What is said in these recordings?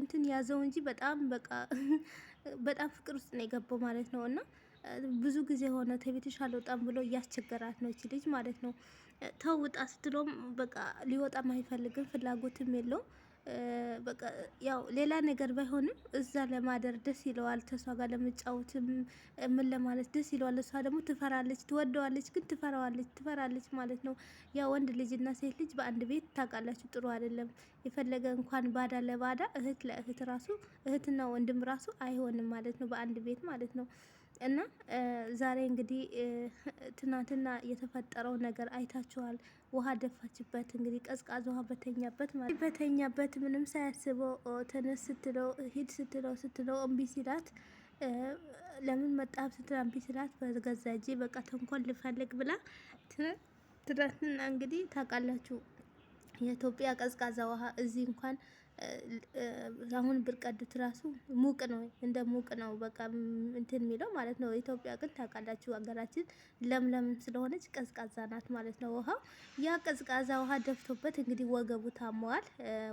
እንትን ያዘው እንጂ በጣም በቃ በጣም ፍቅር ውስጥ ነው የገባው ማለት ነው። እና ብዙ ጊዜ ሆነ ተቤትሽ አልወጣም ብሎ እያስቸገራት ነው እቺ ልጅ ማለት ነው። ተውጣ ስትለውም በቃ ሊወጣም አይፈልግም ፍላጎትም የለውም። በቃ ያው ሌላ ነገር ባይሆንም እዛ ለማደር ደስ ይለዋል። ተሷ ጋር ለመጫወትም ምን ለማለት ደስ ይለዋል። እሷ ደግሞ ትፈራለች፣ ትወደዋለች፣ ግን ትፈራዋለች ትፈራለች ማለት ነው። ያው ወንድ ልጅ እና ሴት ልጅ በአንድ ቤት ታውቃላችሁ፣ ጥሩ አይደለም። የፈለገ እንኳን ባዳ ለባዳ እህት ለእህት ራሱ እህትና ወንድም ራሱ አይሆንም ማለት ነው፣ በአንድ ቤት ማለት ነው። እና ዛሬ እንግዲህ ትናንትና የተፈጠረው ነገር አይታችኋል። ውሃ ደፋችበት እንግዲህ ቀዝቃዝ ውሃ በተኛበት ማለት በተኛበት ምንም ሳያስበው ተነስ ስትለው ሂድ ስትለው ስትለው እምቢ ሲላት ለምን መጣህ ስትል እምቢ ሲላት በገዛ እጄ በቃ ተንኮል ልፈልግ ብላ ትናንትና እንግዲህ ታውቃላችሁ የኢትዮጵያ ቀዝቃዛ ውሃ እዚህ እንኳን አሁን ብርቀዱት ራሱ ሙቅ ነው፣ እንደ ሙቅ ነው በቃ እንትን የሚለው ማለት ነው። ኢትዮጵያ ግን ታውቃላችሁ ሀገራችን ለምለም ስለሆነች ቀዝቃዛ ናት ማለት ነው ውሃው። ያ ቀዝቃዛ ውሃ ደፍቶበት እንግዲህ ወገቡ ታመዋል፣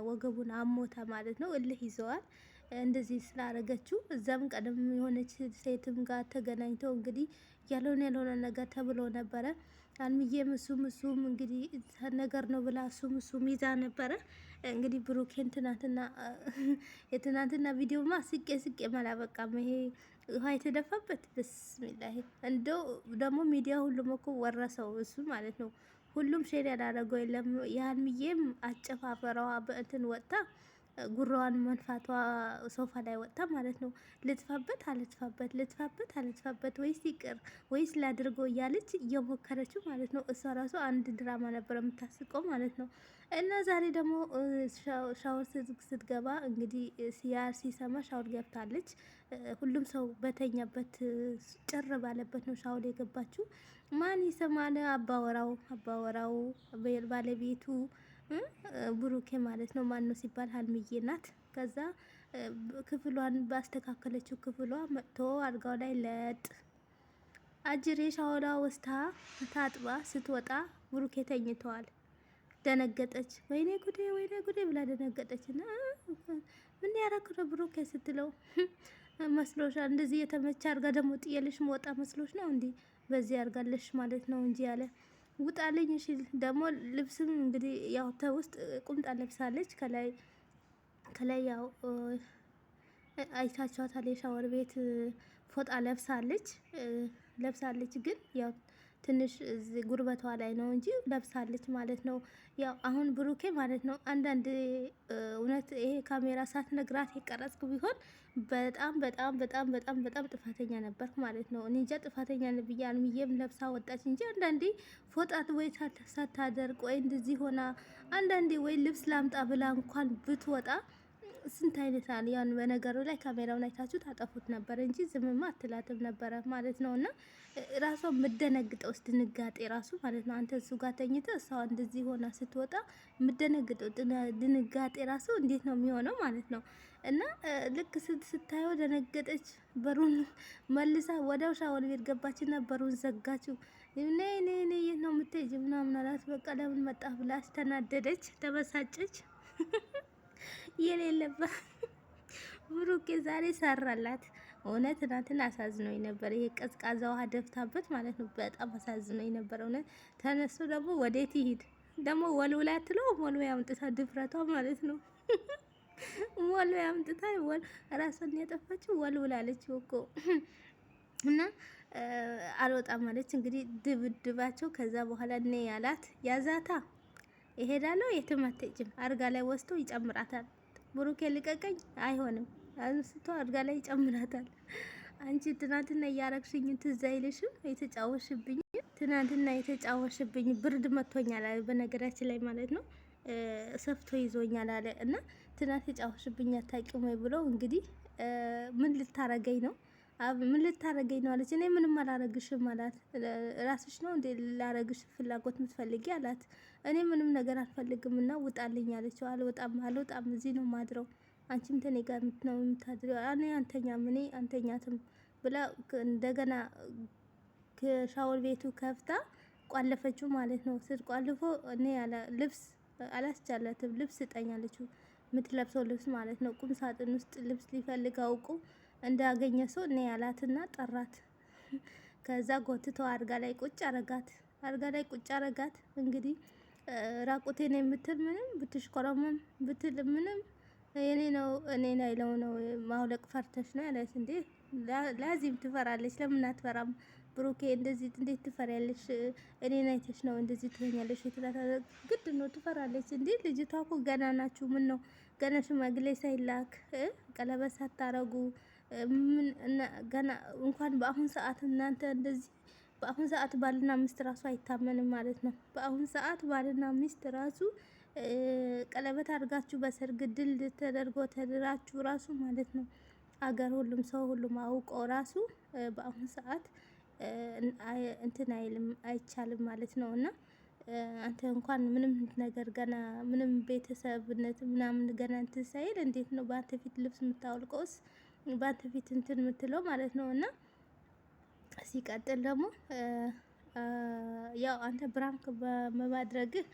ወገቡን አሞታ ማለት ነው። እልህ ይዘዋል እንደዚህ ስላረገችው። እዛም ቀደም የሆነች ሴትም ጋር ተገናኝተው እንግዲህ ያልሆነ ያልሆነ ነገር ተብሎ ነበረ። አልምዬም እሱም እሱም እንግዲህ ነገር ነው ብላ እሱም እሱም ይዛ ነበረ። እንግዲህ ብሩኬን ትናንትና የትናንትና ቪዲዮማ ስቄ ስቄ መላ በቃ ይሄ ውሃ የተደፋበት ብስሚላ። እንደው ደግሞ ሚዲያ ሁሉም እኮ ወረሰው እሱ ማለት ነው። ሁሉም ሼር ያላረገው የለም። የአልምዬም አጨፋፈረዋ በእንትን ወጥታ ጉሯዋን መንፋቷ ሶፋ ላይ ወጥታ ማለት ነው። ልጥፋበት አልጥፋበት፣ ልጥፋበት አልጥፋበት፣ ወይስ ይቅር ወይስ ላድርገው እያለች እየሞከረችው ማለት ነው። እሷ ራሱ አንድ ድራማ ነበር የምታስቀው ማለት ነው። እና ዛሬ ደግሞ ሻወር ስትገባ እንግዲህ ሲያር ሲሰማ ሻወር ገብታለች። ሁሉም ሰው በተኛበት ጭር ባለበት ነው ሻወር የገባችው። ማን ይሰማል? አባወራው አባወራው ባለቤቱ ብሩኬ ማለት ነው። ማን ነው ሲባል ሀልሚዬ ናት። ከዛ ክፍሏን ባስተካከለችው ክፍሏ መጥቶ አልጋው ላይ ለጥ አጅሬ ሻወላ ወስታ ታጥባ ስትወጣ ብሩኬ ተኝተዋል። ደነገጠች። ወይኔ ጉዴ፣ ወይኔ ጉዴ ብላ ደነገጠች። እና ምን ያረክረ ብሩኬ ስትለው መስሎሻል እንደዚህ የተመቸ አርጋ ደግሞ ጥየልሽ መወጣ መስሎች ነው እንዲ በዚህ አርጋለሽ ማለት ነው እንጂ ያለ ውጣልኝ እሺ። ደግሞ ልብስም እንግዲህ ያው ተውስጥ ቁምጣ ለብሳለች ከላይ ከላይ ያው አይታችኋታል። የሻወር ቤት ፎጣ ለብሳለች ለብሳለች ግን ያው ትንሽ ጉርበቷ ላይ ነው እንጂ ለብሳለች ማለት ነው። ያው አሁን ብሩኬ ማለት ነው አንዳንድ እውነት ይሄ ካሜራ ሳትነግራት የቀረጽኩ ቢሆን በጣም በጣም በጣም በጣም በጣም ጥፋተኛ ነበር ማለት ነው። እኔ እንጃ ጥፋተኛ ብዬ አልምዬም ለብሳ ወጣች እንጂ አንዳንዴ ፎጣት ወይ ሳታደርቅ ወይ እንደዚህ ሆና አንዳንዴ ወይ ልብስ ላምጣ ብላ እንኳን ብትወጣ ስንት አይነት አለ። ያን በነገሩ ላይ ካሜራውን አይታችሁ ታጠፉት ነበር እንጂ ዝምማ አትላትም ነበረ ማለት ነው። እና ራሷ የምደነግጠው ድንጋጤ ራሱ ማለት ነው። አንተ እሱ ጋር ተኝተ እሷ እንደዚህ ሆና ስትወጣ የምደነግጠው ድንጋጤ ራሱ እንዴት ነው የሚሆነው ማለት ነው። እና ልክ ስታየው ደነገጠች። በሩን መልሳ ወዲያው ሻወር ቤት ገባችና በሩን ዘጋችው። እኔ እኔ እኔ የት ነው የምትሄጂው ምናምን አላት። በቃ ለምን መጣ ብላ አስተናደደች፣ ተበሳጨች። የሌለበት ብሩኬ ዛሬ ሰራላት። እውነት ትናንትና አሳዝኖኝ ነበር። ይሄ ቀዝቃዛ ውሃ ደፍታበት ማለት ነው። በጣም አሳዝኖኝ ነበር። እውነት ተነሱ ደግሞ ወዴት ይሂድ ደግሞ ወልውላ ትለው ወልው ያምጥታ ድፍረቷ ማለት ነው። ወልው ያምጥታ ወል ራሷን ያጠፋችው ወልውላለች እኮ እና አልወጣም ማለች እንግዲህ ድብድባቸው። ከዛ በኋላ እኔ ያላት ያዛታ ይሄዳለው የትም አትሄጂም አልጋ ላይ ወስቶ ይጨምራታል። ብሩኬ ልቀቀኝ፣ አይሆንም። አንስቶ አልጋ ላይ ይጨምራታል። አንቺ ትናንትና እያረግሽኝ ትዝ አይልሽም? የተጫወሽብኝ ትናንትና የተጫወሽብኝ ብርድ መጥቶኛል አለ። በነገራችን ላይ ማለት ነው ሰፍቶ ይዞኛል አለ እና ትናንት ተጫወሽብኝ አታውቂም ወይ ብለው እንግዲህ ምን ልታረገኝ ነው ምን ልታረገኝ ነው አለች። እኔ ምንም አላረግሽም አላት። ራስሽ ነው እንዴ ላረግሽ ፍላጎት ምትፈልጊ አላት። እኔ ምንም ነገር አልፈልግም እና ውጣልኝ አለችው። አልወጣም አልወጣም፣ እዚህ ነው ማድረው፣ አንቺም ተኔ ጋር ነው የምታድረው። እኔ አንተኛም እኔ አንተኛትም ብላ እንደገና ሻወር ቤቱ ከፍታ ቋለፈችው ማለት ነው። ቋልፎ እኔ ያለ ልብስ አላስቻላትም። ልብስ እጠኛለችው የምትለብሰው ልብስ ማለት ነው። ቁም ሳጥን ውስጥ ልብስ ሊፈልግ አውቁ እንዳገኘ ሰው እኔ ያላትና ጠራት። ከዛ ጎትቶ አልጋ ላይ ቁጭ አረጋት። አልጋ ላይ ቁጭ አረጋት። እንግዲህ ራቁቴን የምትል ምንም ብትሽኮረመም ብትል ምንም የኔ ነው እኔ አይለው ነው ማውለቅ ፈርተሽ ነው ያለች። እንዴ ላዚም ትፈራለች። ለምን አትፈራም? ብሩኬ እንደዚህ እንዴት ትፈሪያለሽ? እኔ አይተሽ ነው እንደዚህ ትሆኛለሽ? የተላታ ግድ ነው ትፈራለች። እንዴ ልጅቷ እኮ ገና ናችሁ። ምን ነው ገና ሽማግሌ ሳይላክ ቀለበት ሳታረጉ ገና እንኳን በአሁን ሰዓት እናንተ እንደዚህ በአሁን ሰዓት ባልና ሚስት ራሱ አይታመንም ማለት ነው። በአሁን ሰዓት ባልና ሚስት ራሱ ቀለበት አድርጋችሁ በሰርግ ድል ተደርጎ ተድራችሁ ራሱ ማለት ነው አገር ሁሉም ሰው ሁሉም አውቆ ራሱ በአሁን ሰዓት እንትን አይልም አይቻልም ማለት ነው። እና አንተ እንኳን ምንም ነገር ገና ምንም ቤተሰብነት ምናምን ገና እንትን ሳይል እንዴት ነው በአንተ ፊት ልብስ የምታወልቀውስ? በአንተ ፊት እንትን የምትለው ማለት ነው። እና ሲቀጥል ደግሞ ያው አንተ ብራንክ በማድረግህ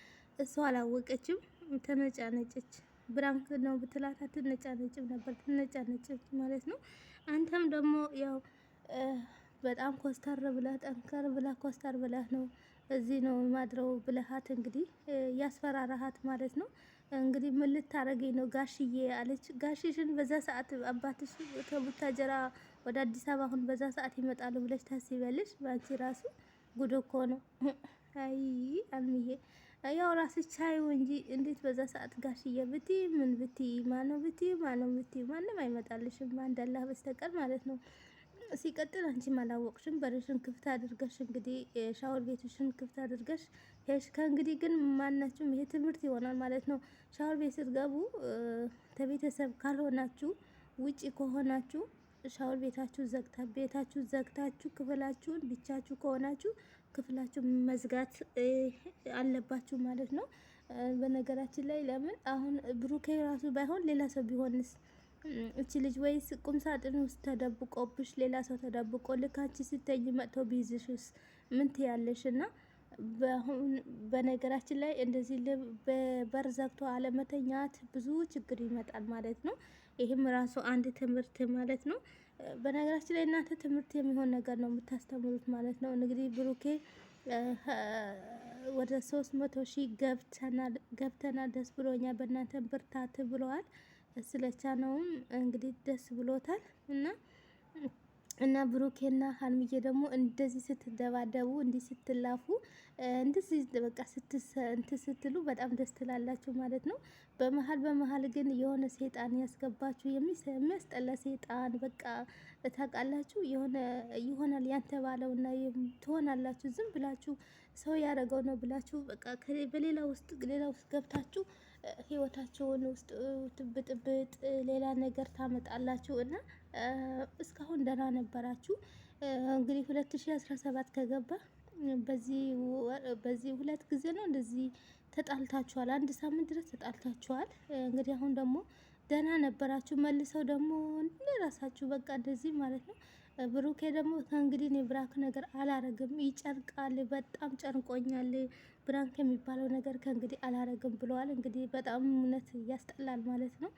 እሷ አላወቀችም፣ ተነጫነጨች። ብራንክ ነው ብትላት አትነጫነጭም ነበር፣ ትነጫነጨች ማለት ነው። አንተም ደግሞ ያው በጣም ኮስታር ብለህ ጠንከር ብለህ ኮስታር ብለህ ነው እዚህ ነው የማድረው ብለሃት እንግዲህ ያስፈራራሃት ማለት ነው። እንግዲህ ምን ልታረገኝ ነው ጋሽዬ አለች። ጋሽሽን በዛ ሰዓት አባትሽ ከቡታጀራ ወደ አዲስ አበባ አሁን በዛ ሰዓት ይመጣሉ ብለሽ ታስቢያለሽ? በአንቺ ራሱ ጉድ እኮ ነው። አይ አልምዬ ያው ራስሽ ቻይ እንጂ እንዴት በዛ ሰዓት ጋሽዬ ብቲ ምን ብቲ ማነው ብቲ ማነው ብቲ ማንም አይመጣልሽም አንድ አላህ በስተቀር ማለት ነው። ሲቀጥል አንቺ አላወቅሽም። በርሽን ክፍት አድርገሽ እንግዲህ ሻወር ቤትሽን ክፍት አድርገሽ ሄሽ። ከእንግዲህ ግን ማናችሁም ይሄ ትምህርት ይሆናል ማለት ነው። ሻወር ቤት ስትገቡ ከቤተሰብ ካልሆናችሁ ውጪ ከሆናችሁ ሻወር ቤታችሁ ዘግታ ቤታችሁ ዘግታችሁ ክፍላችሁን ብቻችሁ ከሆናችሁ ክፍላችሁ መዝጋት አለባችሁ ማለት ነው። በነገራችን ላይ ለምን አሁን ብሩኬ ራሱ ባይሆን ሌላ ሰው ቢሆንስ እቺ ልጅ ወይስ ቁም ሳጥን ውስጥ ተደብቆብሽ ሌላ ሰው ተደብቆ ልካች ስተኝ መጥቶ ቢይዝሽስ ምን ትያለሽ? እና በነገራችን ላይ እንደዚህ በበር ዘግቶ አለመተኛት ብዙ ችግር ይመጣል ማለት ነው። ይህም ራሱ አንድ ትምህርት ማለት ነው። በነገራችን ላይ እናንተ ትምህርት የሚሆን ነገር ነው የምታስተምሩት ማለት ነው። እንግዲህ ብሩኬ ወደ ሶስት መቶ ሺህ ገብተናል ደስ ብሎኛል፣ በእናንተ ብርታት ብለዋል። ስለቻለውም እንግዲህ ደስ ብሎታል እና እና ብሩኬና ሀልሚዬ ደግሞ እንደዚህ ስትደባደቡ እንዲህ ስትላፉ እንደዚህ በቃ እንትን ስትሉ በጣም ደስ ትላላችሁ ማለት ነው። በመሀል በመሀል ግን የሆነ ሴጣን ያስገባችሁ የሚያስጠላ ሴጣን በቃ ታውቃላችሁ፣ የሆነ ይሆናል ያልተባለውና ትሆናላችሁ። ዝም ብላችሁ ሰው ያደረገው ነው ብላችሁ በቃ በሌላ ውስጥ ሌላ ውስጥ ገብታችሁ ህይወታቸውን ውስጥ ብጥብጥ ሌላ ነገር ታመጣላችሁ እና እስካሁን ደህና ነበራችሁ። እንግዲህ 2017 ከገባ በዚህ ሁለት ጊዜ ነው እንደዚህ ተጣልታችኋል። አንድ ሳምንት ድረስ ተጣልታችኋል። እንግዲህ አሁን ደግሞ ደህና ነበራችሁ። መልሰው ደግሞ እንደራሳችሁ በቃ እንደዚህ ማለት ነው ብሩኬ ደግሞ ከእንግዲህ እኔ ብራንክ ነገር አላረግም፣ ይጨርቃል፣ በጣም ጨንቆኛል፣ ብራንክ የሚባለው ነገር ከእንግዲህ አላረግም ብለዋል። እንግዲህ በጣም እውነት ያስጠላል ማለት ነው።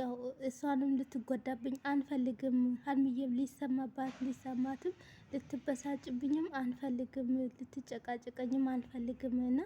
ያው እሷንም ልትጎዳብኝ አንፈልግም፣ ሀልሚዬም ሊሰማባት ሊሰማትም፣ ልትበሳጭብኝም አንፈልግም፣ ልትጨቃጭቀኝም አንፈልግም እና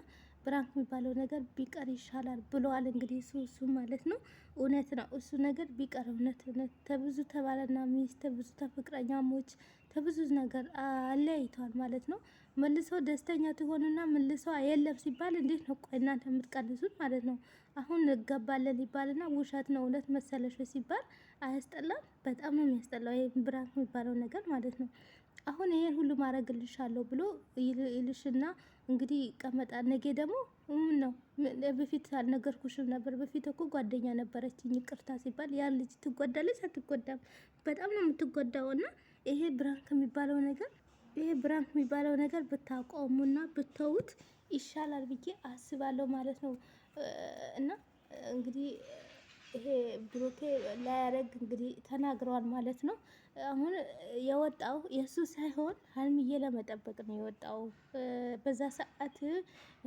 ብራንክ የሚባለው ነገር ቢቀር ይሻላል ብለዋል። እንግዲህ እሱ እሱ ማለት ነው እውነት ነው እሱ ነገር ቢቀር እውነት እውነት ተብዙ ተባለና ሚስት ተብዙ ተፍቅረኛሞች ተብዙ ነገር አለያይተዋል ማለት ነው። መልሰው ደስተኛ ትሆንና መልሰው የለም ሲባል እንዴት ነው ቆይ እናንተ የምትቀልሱት ማለት ነው። አሁን እንጋባለን ይባልና ውሸት ነው እውነት መሰለሽ ሲባል አያስጠላም? በጣም ነው የሚያስጠላው ብራንክ የሚባለው ነገር ማለት ነው። አሁን ይሄን ሁሉ ማድረግልሻለሁ ብሎ ይልሽና እንግዲህ ይቀመጣል። ነገ ደግሞ ምን ነው በፊት አልነገርኩሽም ነበር፣ በፊት እኮ ጓደኛ ነበረችኝ ይቅርታ ሲባል ያን ልጅ ትጎዳለች። አትጎዳም? በጣም ነው የምትጎዳው። እና ይሄ ብራንክ የሚባለው ነገር ይሄ ብራንክ የሚባለው ነገር ብታቆሙና ብተውት ይሻላል ብዬ አስባለሁ ማለት ነው እና እንግዲህ ይሄ ብሩኬ ላያረግ እንግዲህ ተናግረዋል ማለት ነው። አሁን የወጣው የእሱ ሳይሆን ሀልሚዬ ለመጠበቅ ነው የወጣው። በዛ ሰዓት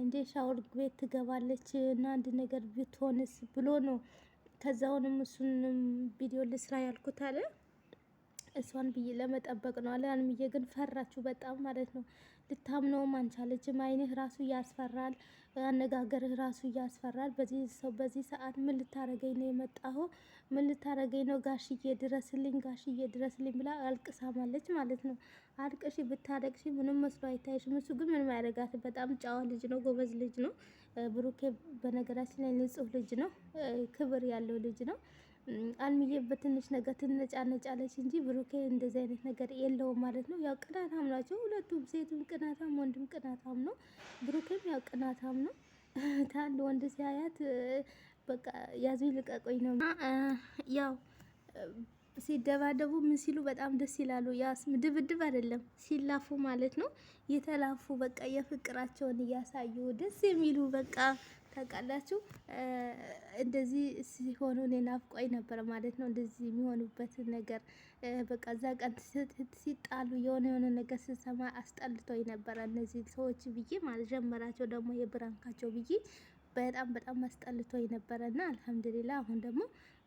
እንዴ ሻወር ቤት ትገባለች እና አንድ ነገር ብትሆንስ ብሎ ነው። ከዛውንም እሱንም ቪዲዮ ልስራ ያልኩት አለ። እሷን ብዬ ለመጠበቅ ነው አለ ሀይሚዬ። ግን ፈራችሁ በጣም ማለት ነው። ልታምነውም አንቻለችም። አይንህ ራሱ ያስፈራል፣ አነጋገርህ ራሱ ያስፈራል። በዚህ ሰው በዚህ ሰዓት ምን ልታረገኝ ነው የመጣሁ? ምን ልታረገኝ ነው? ጋሽዬ ድረስልኝ፣ ጋሽዬ ድረስልኝ ብላ አልቅሳማለች ማለት ነው። አልቅሺ ብታለቅሺ ምንም መስሎ አይታይሽም። እሱ ግን ምንም አያደርጋትም። በጣም ጨዋ ልጅ ነው፣ ጎበዝ ልጅ ነው። ብሩኬ በነገራችን ላይ ንጹሕ ልጅ ነው፣ ክብር ያለው ልጅ ነው። አልሚዬ በትንሽ ነገር ትነጫነጫለች እንጂ ብሩኬ እንደዚህ አይነት ነገር የለውም ማለት ነው። ያው ቅናታም ናቸው ሁለቱም፣ ሴቱም ቅናታም ወንድም ቅናታም ነው። ብሩኬም ያው ቅናታም ነው። ታንድ ወንድ ሲያያት በቃ ያዙ ልቀቆኝ ነው። ያው ሲደባደቡ ምን ሲሉ በጣም ደስ ይላሉ። ያስ ድብድብ አይደለም ሲላፉ ማለት ነው። የተላፉ በቃ የፍቅራቸውን እያሳዩ ደስ የሚሉ በቃ ታውቃላችሁ። እንደዚህ ሲሆኑ እኔ ናፍቆኝ ነበር ማለት ነው። እንደዚህ የሚሆኑበት ነገር በቃ እዛ ቀን ሲጣሉ የሆነ የሆነ ነገር ስሰማ አስጠልቶኝ ነበረ። እነዚህ ሰዎች ብዬ ማለት ጀመራቸው ደግሞ የብራንካቸው ብዬ በጣም በጣም አስጠልቶ የነበረ እና አልሐምዱሊላ አሁን ደግሞ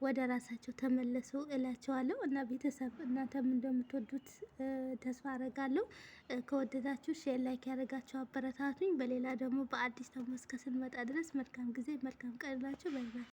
ወደ ራሳቸው ተመለሱ እላቸዋለሁ። እና ቤተሰብ እናንተም እንደምትወዱት ተስፋ አረጋለሁ። ከወደዳችሁ ሼር ላይክ ያደረጋችሁ አበረታቱኝ። በሌላ ደግሞ በአዲስ ተሞስ ከስንመጣ ድረስ መልካም ጊዜ መልካም ቀን እላችሁ።